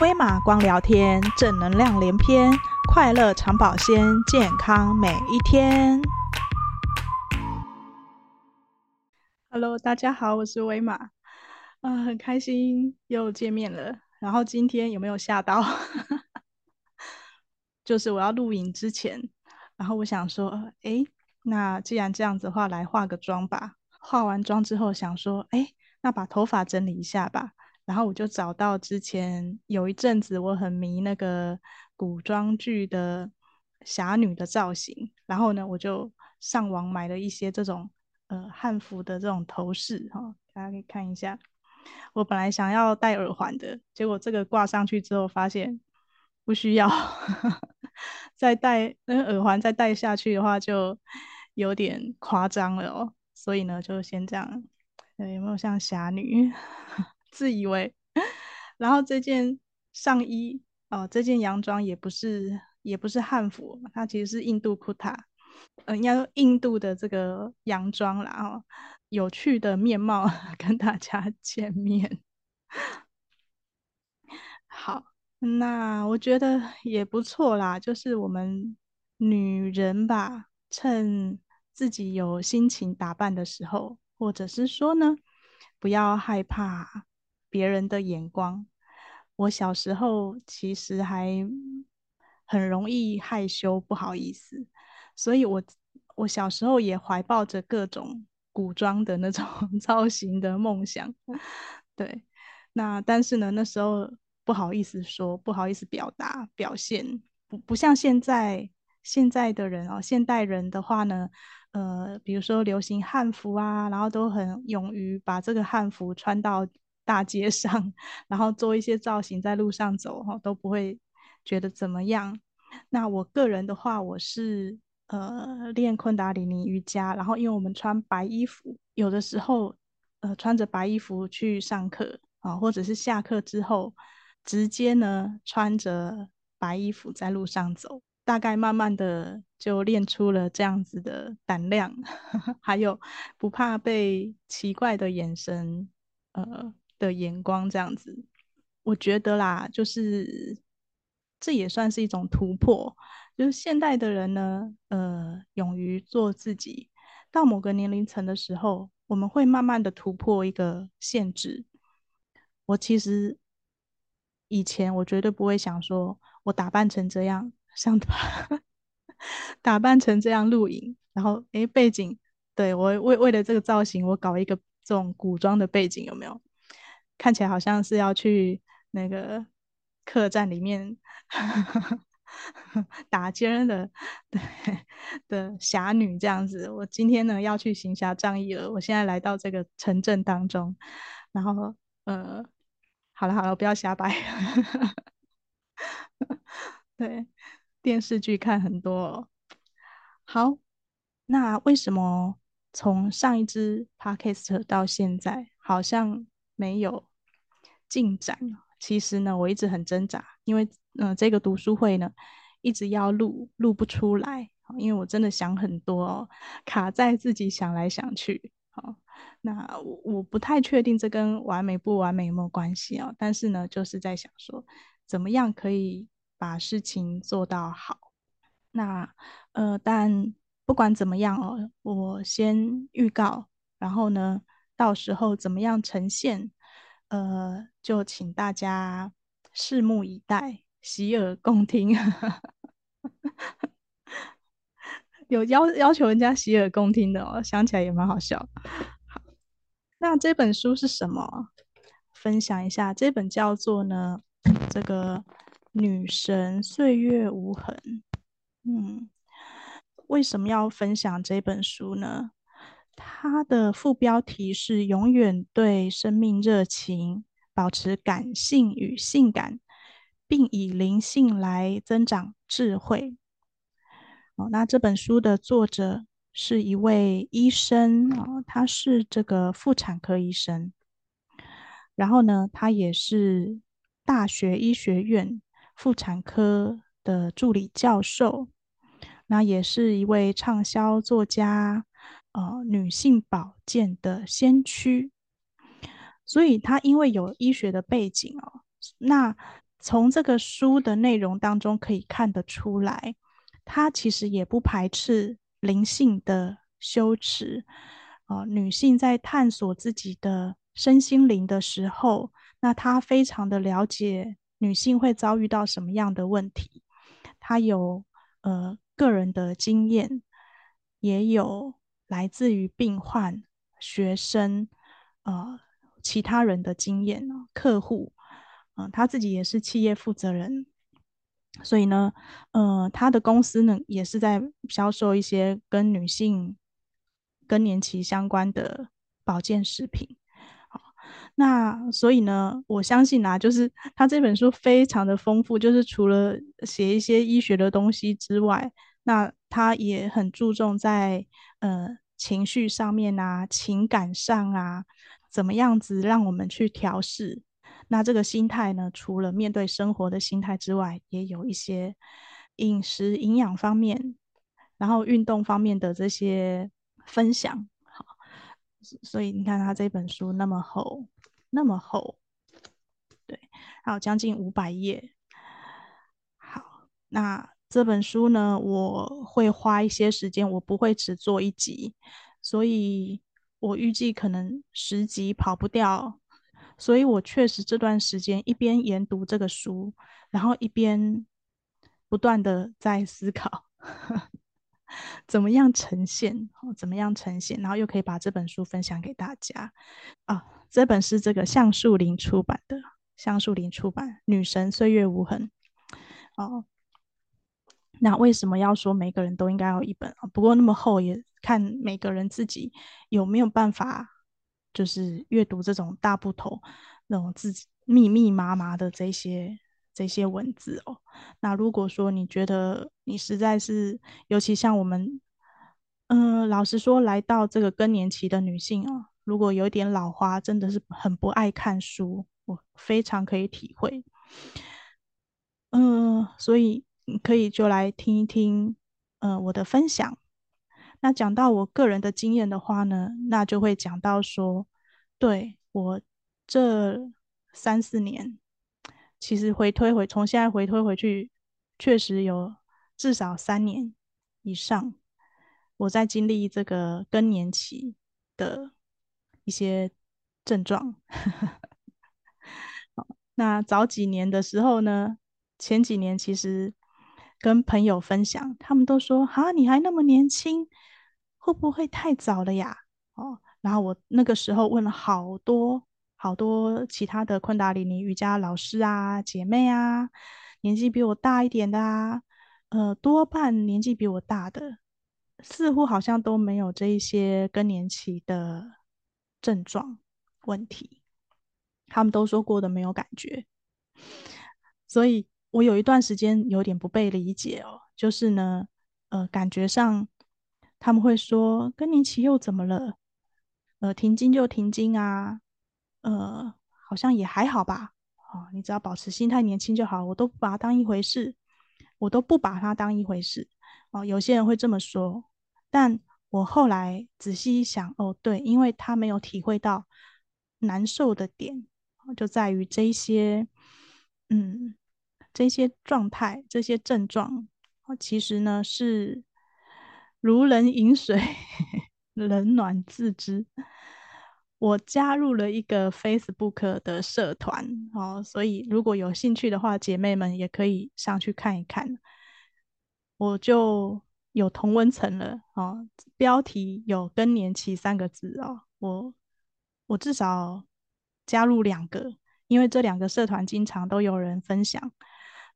葳瑪光聊天，正能量連篇，快樂常保鮮，健康每一天。Hello，大家好，我是葳瑪，啊、呃，很開心又見面了。然後今天有沒有嚇到？ 就是我要錄影之前，然後我想說，哎、欸，那既然這樣子的話，來化個妝吧。化完妝之後，想說，哎、欸，那把頭髮整理一下吧。然後我就找到之前有一陣子我很迷那個古裝劇的俠女的造型，然後呢，我就上網買了一些這種呃漢服的這種頭飾哈、哦，大家可以看一下。我本來想要戴耳環的，結果這個掛上去之後發現不需要呵呵再戴那個耳環，再戴下去的話就有點誇張了哦，所以呢就先這樣。有沒有像俠女？自以為，然後這件上衣哦，這件洋裝也不是，也不是漢服，它其實是印度庫塔，嗯，應該說印度的這個洋裝啦哈、哦，有趣的面貌 跟大家見面。好，那我覺得也不錯啦，就是我們女人吧，趁自己有心情打扮的時候，或者是說呢，不要害怕。別人的眼光，我小時候其實還很容易害羞，不好意思，所以我我小時候也懷抱着各種古裝的那種造型的夢想。嗯、對，那但是呢，那時候不好意思說，不好意思表達表現，不不像現在現在的人哦，現代人的話呢，呃，比如說流行漢服啊，然後都很勇於把這個漢服穿到。大街上，然後做一些造型，在路上走哈都不會覺得怎麼樣。那我個人的話，我是呃練昆達里尼瑜伽，然後因為我們穿白衣服，有的時候呃穿着白衣服去上課啊，或者是下課之後直接呢穿着白衣服在路上走，大概慢慢的就練出了這樣子的膽量， 還有不怕被奇怪的眼神呃。的眼光這樣子，我覺得啦，就是這也算是一種突破。就是現代的人呢，呃，勇於做自己。到某個年齡層的時候，我們會慢慢的突破一個限制。我其實以前我絕對不會想說，我打扮成這樣，像他打扮成這樣錄影，然後，誒，背景，對，我為，我為了這個造型，我搞一個這種古裝的背景，有沒有？看起來好像是要去那個客棧裡面 打尖的，對，的俠女這樣子。我今天呢要去行俠仗義了。我現在來到這個城鎮當中，然後呃，好了好了，不要瞎掰。 對，電視劇看很多哦。好，那為什麼從上一支 podcast 到現在好像沒有？進展，其實呢，我一直很掙扎，因為、呃、這個讀書會呢，一直要錄，錄不出來，因為我真的想很多，哦，卡在自己想來想去。哦、那我，我不太確定這跟完美不完美有沒有關係哦，但是呢，就是在想說，怎麼樣可以把事情做到好。那呃，但不管怎麼樣哦，我先預告，然後呢，到時候怎麼樣呈現？呃，就請大家拭目以待，洗耳恭聽。 有要要求人家洗耳恭聽的哦，想起來也蠻好笑。好。那這本書是什麼？分享一下，這本叫做呢，這個《女神歲月無痕》。嗯，為什麼要分享這本書呢？他的副標題是“永遠對生命熱情，保持感性與性感，並以靈性來增長智慧”。哦，那這本書的作者是一位醫生啊，哦，他是這個婦產科醫生，然後呢，他也是大學醫學院婦產科的助理教授，那也是一位暢銷作家。呃，女性保健的先驅，所以她因為有醫學的背景哦，那從這個書的內容當中可以看得出來，她其實也不排斥靈性的修持。啊、呃。女性在探索自己的身心靈的時候，那她非常的了解女性會遭遇到什麼樣的問題，她有呃個人的經驗，也有。來自於病患、學生、呃，其他人的經驗，客戶，嗯、呃，他自己也是企業負責人，所以呢，呃，他的公司呢也是在銷售一些跟女性更年期相關的保健食品。好、哦，那所以呢，我相信啊，就是他這本書非常的豐富，就是除了寫一些醫學的東西之外。那他也很注重在呃情緒上面啊、情感上啊，怎麼樣子讓我們去調試。那這個心態呢，除了面對生活的心態之外，也有一些飲食營養方面，然後運動方面的這些分享。好，所以你看他這本書那麼厚，那麼厚，對，還有將近五百頁。好，那。這本書呢，我會花一些時間，我不會只做一集，所以我預計可能十集跑不掉，所以我確實這段時間一邊研讀這個書，然後一邊不斷的在思考呵呵，怎麼樣呈現，哦，怎麼樣呈現，然後又可以把這本書分享給大家。啊，這本是這個橡樹林出版的，橡樹林出版《女神歲月無痕》哦。那為什麼要說每個人都應該有一本啊？不過那麼厚，也看每個人自己有沒有辦法，就是閱讀這種大部頭，那種自己密密麻麻的這些這些文字哦。那如果說你覺得你實在是，尤其像我們，嗯、呃，老實說，來到這個更年期的女性啊，如果有點老花，真的是很不愛看書，我非常可以體會。嗯、呃，所以。可以就來聽一聽，呃，我的分享。那講到我個人的經驗的話呢，那就會講到說，對，我這三四年，其實回推回，從現在回推回去，確實有至少三年以上，我在經歷這個更年期的一些症狀。 好，那早幾年的時候呢，前幾年其實。跟朋友分享，他們都說：“蛤，你還那麼年輕，會不會太早了呀？”哦，然後我那個時候問了好多好多其他的昆達里尼瑜伽老師啊、姐妹啊，年紀比我大一點的啊，呃，多半年紀比我大的，似乎好像都沒有這一些更年期的症狀問題，他們都說過得沒有感覺，所以。我有一段時間有點不被理解哦，就是呢，呃，感覺上他們會說更年期又怎麼了？呃，停經就停經啊，呃，好像也還好吧。哦，你只要保持心態年輕就好。我都不把它當一回事，我都不把它當一回事。哦，有些人會這麼說，但我後來仔細一想，哦，對，因為他沒有體會到難受的點，就在於這些，嗯。這些狀態、這些症狀，哦，其實呢是如人飲水，冷暖自知。我加入了一個 Facebook 的社團，哦，所以如果有興趣的話，姐妹們也可以上去看一看。我就有同溫層了，哦，標題有“更年期”三個字，哦，我我至少加入兩個，因為這兩個社團經常都有人分享。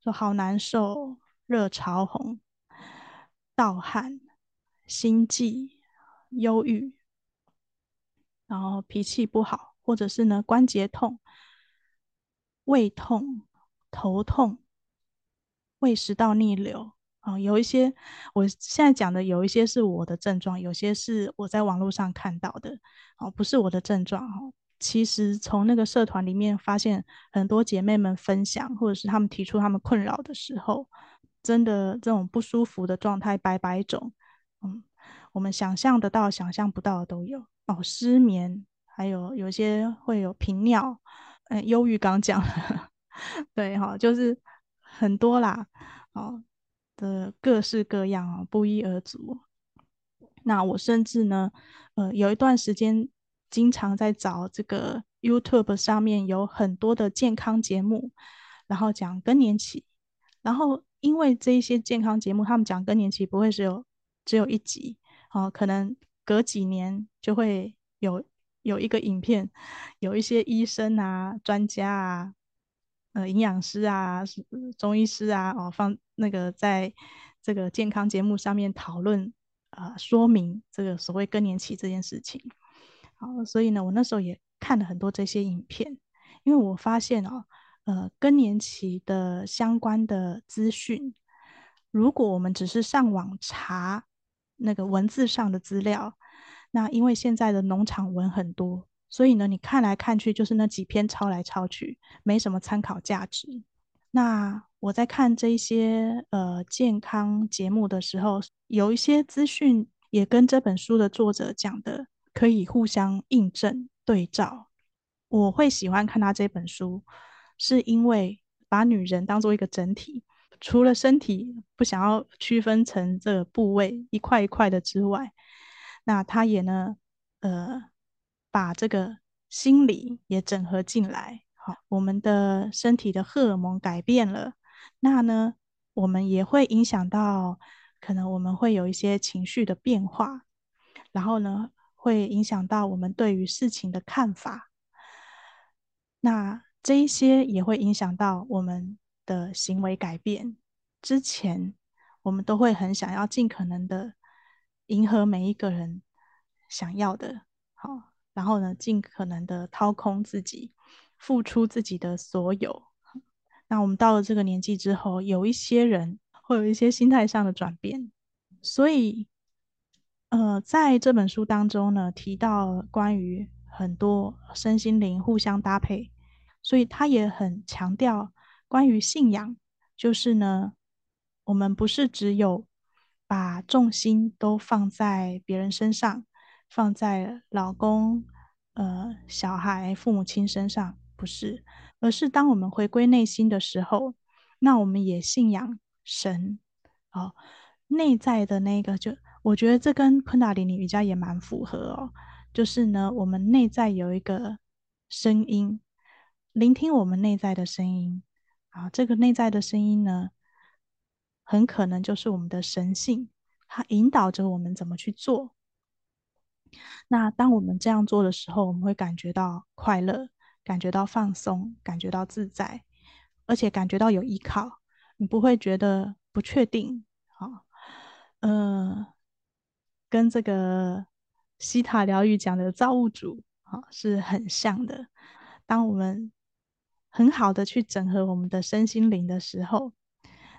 說好難受，熱潮紅、盜汗、心悸、憂鬱，然後脾氣不好，或者是呢關節痛、胃痛、頭痛、胃食道逆流啊，哦，有一些我現在講的有一些是我的症狀，有些是我在網絡上看到的，哦，不是我的症狀，哦。其實從那個社團裡面發現，很多姐妹們分享，或者是她們提出她們困擾的時候，真的這種不舒服的狀態，百百種，嗯，我們想象得到、想象不到的都有。哦，失眠，還有有些會有頻尿，嗯、哎，憂鬱剛講了呵呵，對哈、哦，就是很多啦，哦的各式各樣啊、哦，不一而足。那我甚至呢，呃，有一段時間。經常在找這個 YouTube 上面有很多的健康節目，然後講更年期。然後因為這一些健康節目，他們講更年期不會只有只有一集，哦，可能隔幾年就會有有一個影片，有一些醫生啊、專家啊、呃營養師啊、呃、中醫師啊，哦，放那個在這個健康節目上面討論啊、呃，說明這個所謂更年期這件事情。所以呢，我那時候也看了很多這些影片，因為我發現哦，呃，更年期的相關的資訊，如果我們只是上網查那個文字上的資料，那因為現在的農場文很多，所以呢，你看來看去就是那幾篇抄來抄去，沒什麼參考價值。那我在看這一些呃健康節目的時候，有一些資訊也跟這本書的作者講的，可以互相印證對照。我會喜歡看他這本書，是因為把女人當做一個整體，除了身體不想要區分成這個部位一塊一塊的之外，那他也呢，呃，把這個心理也整合進來。好，我們的身體的荷爾蒙改變了，那呢，我們也會影響到，可能我們會有一些情緒的變化，然後呢。會影響到我們對於事情的看法，那這一些也會影響到我們的行為改變。之前我們都會很想要盡可能的迎合每一個人想要的，好，然後呢，盡可能的掏空自己，付出自己的所有。那我們到了這個年紀之後，有一些人會有一些心態上的轉變，所以。呃，在這本書當中呢，提到關於很多身心靈互相搭配，所以他也很強調關於信仰，就是呢，我們不是只有把重心都放在別人身上，放在老公、呃、小孩、父母親身上，不是，而是當我們回歸內心的時候，那我們也信仰神，哦，內在的那個就。我覺得這跟昆達里尼瑜伽也蠻符合哦，就是呢，我們內在有一個聲音，聆聽我們內在的聲音啊，這個內在的聲音呢，很可能就是我們的神性，它引導着我們怎麼去做。那當我們這樣做的時候，我們會感覺到快樂，感覺到放鬆，感覺到自在，而且感覺到有依靠，你不會覺得不確定，啊，呃。跟這個希塔療癒講的造物主啊、哦、是很像的。當我們很好的去整合我們的身心靈的時候，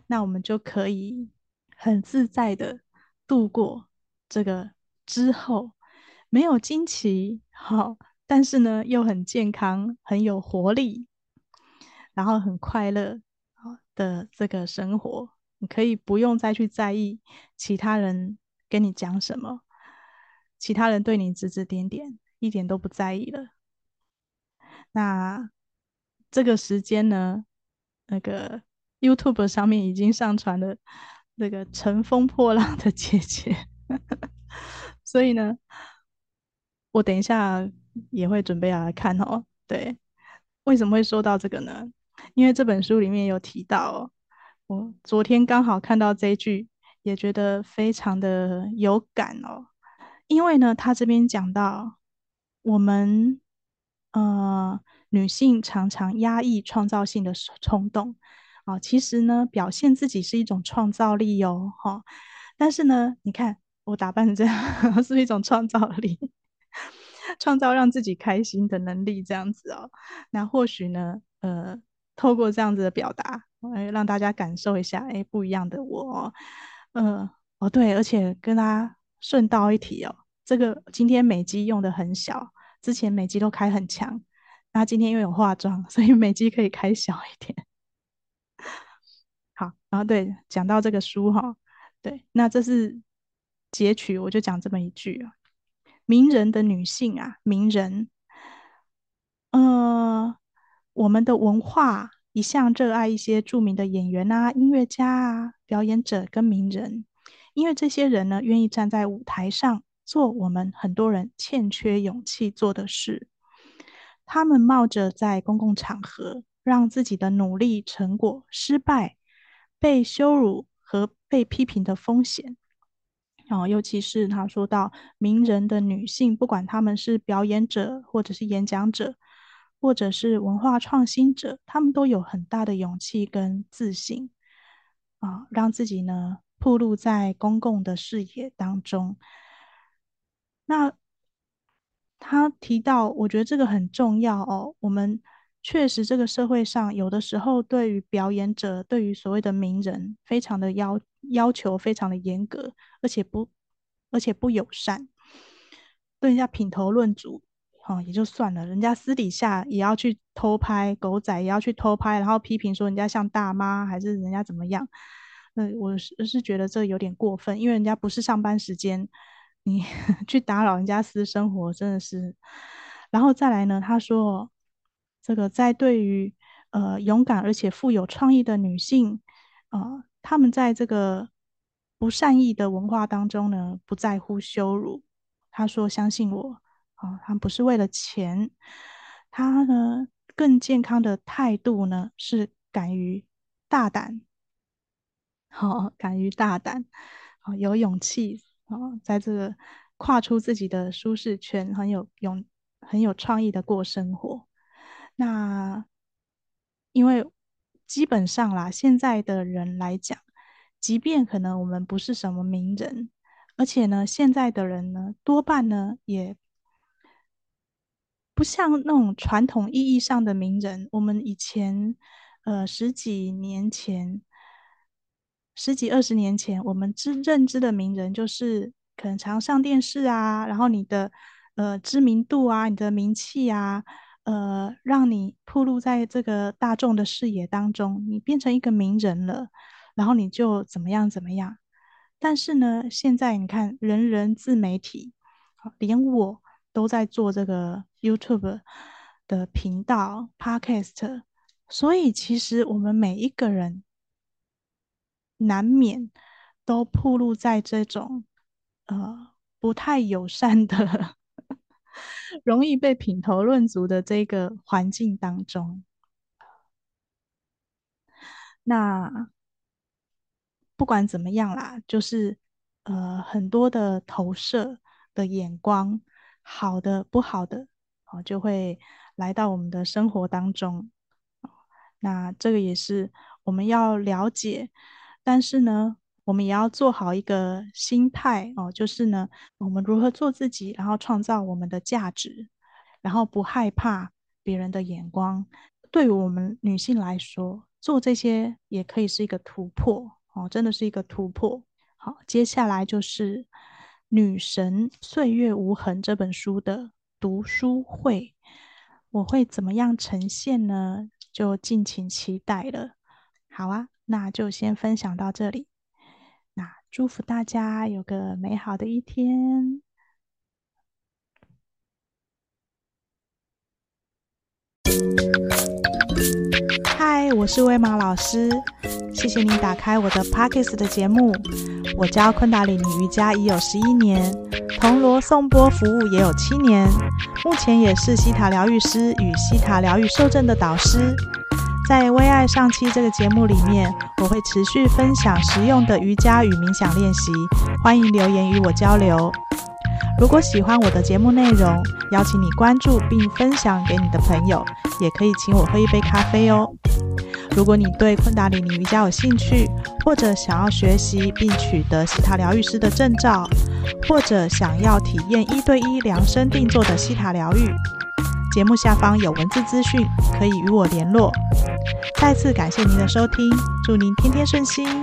那我們就可以很自在的度過這個之後，沒有驚奇好、哦，但是呢又很健康，很有活力，然後很快樂啊、哦、的這個生活，你可以不用再去在意其他人。跟你講什麼？其他人對你指指點點，一點都不在意了。那這個時間呢，那個 YouTube 上面已經上傳了那個乘風破浪的姐姐， 所以呢，我等一下也會準備要來看哦。對，為什麼會說到這個呢？因為這本書裡面有提到哦，我昨天剛好看到這句。也覺得非常的有感哦，因為呢，他這邊講到我們，呃，女性常常壓抑創造性的衝動，啊、哦，其實呢，表現自己是一種創造力喲、哦哦，但是呢，你看我打扮成這樣， 是不是一種創造力？ 創造讓自己開心的能力，這樣子哦，那或許呢，呃，透過這樣子的表達，讓大家感受一下，哎，不一樣的我、哦。嗯、呃、哦，對，而且跟他順道一提哦，這個今天美肌用得很小，之前美肌都開很強，那今天又有化妝，所以美肌可以開小一點。好，然後對，講到這個書哈，對，那這是截取，我就講這麼一句啊，名人的女性啊，名人，呃，我們的文化一向熱愛一些著名的演員啊，音樂家啊。表演者跟名人，因為這些人呢，願意站在舞台上做我們很多人欠缺勇氣做的事。他們冒着在公共場合讓自己的努力成果失敗、被羞辱和被批評的風險。哦，尤其是他說到名人的女性，不管他們是表演者，或者是演講者，或者是文化創新者，他們都有很大的勇氣跟自信。啊、哦，讓自己呢暴露在公共的視野當中。那他提到，我覺得這個很重要哦。我們確實，這個社會上有的時候，對於表演者，對於所謂的名人，非常的要要求非常的嚴格，而且不而且不友善，對人家品頭論足。哦，也就算了，人家私底下也要去偷拍，狗仔也要去偷拍，然後批評說人家像大媽還是人家怎麼樣？那、呃、我是是覺得這有點過分，因為人家不是上班時間，你 去打擾人家私生活真的是。然後再來呢，他說這個在對於呃勇敢而且富有創意的女性呃，她們在這個不善意的文化當中呢，不在乎羞辱。他說，相信我。哦，他不是為了錢，他呢更健康的態度呢是敢於大膽，好、哦，敢於大膽，哦、有勇氣哦，在這個跨出自己的舒適圈，很有勇，很有創意的過生活。那因為基本上啦，現在的人來講，即便可能我們不是什麼名人，而且呢，現在的人呢，多半呢也。不像那種傳統意義上的名人，我們以前，呃，十幾年前，十幾二十年前，我們知認知的名人，就是可能常上電視啊，然後你的呃知名度啊，你的名氣啊，呃，讓你暴露在這個大眾的視野當中，你變成一個名人了，然後你就怎麼樣怎麼樣。但是呢，現在你看，人人自媒體，連我。都在做這個 YouTube 的頻道、Podcast，所以其實我們每一個人難免都暴露在這種呃不太友善的、呵呵容易被品頭論足的這個環境當中。那不管怎麼樣啦，就是呃很多的投射的眼光。好的，不好的，哦，就會來到我們的生活當中，哦。那這個也是我們要了解，但是呢，我們也要做好一個心態哦，就是呢，我們如何做自己，然後創造我們的價值，然後不害怕別人的眼光。對於我們女性來說，做這些也可以是一個突破哦，真的是一個突破。好，哦，接下來就是。女神歲月無痕這本書的讀書會，我會怎麼樣呈現呢？就敬請期待了。好啊，那就先分享到這裡。那祝福大家有個美好的一天。 嗨，Hi, 我是葳瑪老師，謝謝您打開我的 Podcast 的節目。我教昆達里尼瑜伽已有十一年，銅鑼頌缽服務也有七年，目前也是希塔療癒師與希塔療癒受證的導師。在葳愛上七這個節目裡面，我會持續分享實用的瑜伽與冥想練習，歡迎留言與我交流。如果喜歡我的節目內容，邀請你關注並分享給你的朋友，也可以請我喝一杯咖啡哦。如果你對昆達里尼瑜伽有興趣，或者想要學習並取得希塔療癒師的證照，或者想要體驗一對一量身定做的希塔療癒，節目下方有文字資訊，可以與我聯絡。再次感謝您的收聽，祝您天天順心。